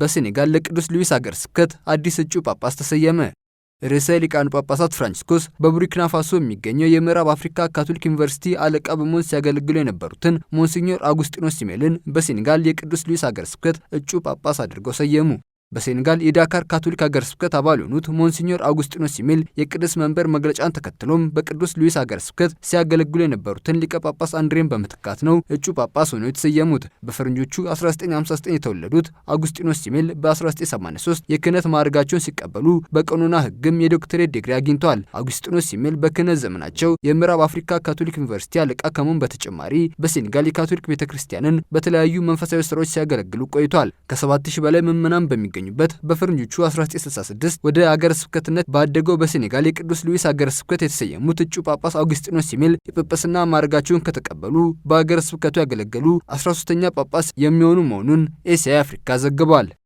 በሴኔጋል ለቅዱስ ሉዊስ አገረ ስብከት አዲስ እጩ ጳጳስ ተሰየመ። ርዕሰ ሊቃኑ ጳጳሳት ፍራንቺስኮስ በቡርኪና ፋሶ የሚገኘው የምዕራብ አፍሪካ ካቶሊክ ዩኒቨርሲቲ አለቃ በመሆን ሲያገለግሉ የነበሩትን ሞንሲኞር አጉስጢኖስ ሲሜልን በሴኔጋል የቅዱስ ሉዊስ አገረ ስብከት እጩ ጳጳስ አድርገው ሰየሙ። በሴኔጋል የዳካር ካቶሊክ ሀገር ስብከት አባል የሆኑት ሞንሲኞር አውጉስጢኖስ ሲሚል የቅዱስ መንበር መግለጫን ተከትሎም በቅዱስ ሉዊስ ሀገር ስብከት ሲያገለግሉ የነበሩትን ሊቀ ጳጳስ አንድሬን በመተካት ነው እጩ ጳጳስ ሆነው የተሰየሙት። በፈረንጆቹ 1959 የተወለዱት አውጉስጢኖስ ሲሚል በ1983 የክህነት ማዕረጋቸውን ሲቀበሉ በቀኖና ሕግም የዶክትሬት ዲግሪ አግኝተዋል። አውጉስጢኖስ የሚል በክህነት ዘመናቸው የምዕራብ አፍሪካ ካቶሊክ ዩኒቨርሲቲ አለቃ ከመሆን በተጨማሪ በሴኔጋል የካቶሊክ ቤተክርስቲያንን በተለያዩ መንፈሳዊ ስራዎች ሲያገለግሉ ቆይቷል። ከ7000 በላይ ምዕመናን በሚገ የሚገኙበት በፈረንጆቹ 1966 ወደ አገረ ስብከትነት ባደገው በሴኔጋል የቅዱስ ሉዊስ አገረ ስብከት የተሰየሙት እጩ ጳጳስ አውግስጢኖስ ሲሚል የጵጵስና ማዕረጋቸውን ከተቀበሉ በአገረ ስብከቱ ያገለገሉ 13ኛ ጳጳስ የሚሆኑ መሆኑን ኤሲያ አፍሪካ ዘግቧል።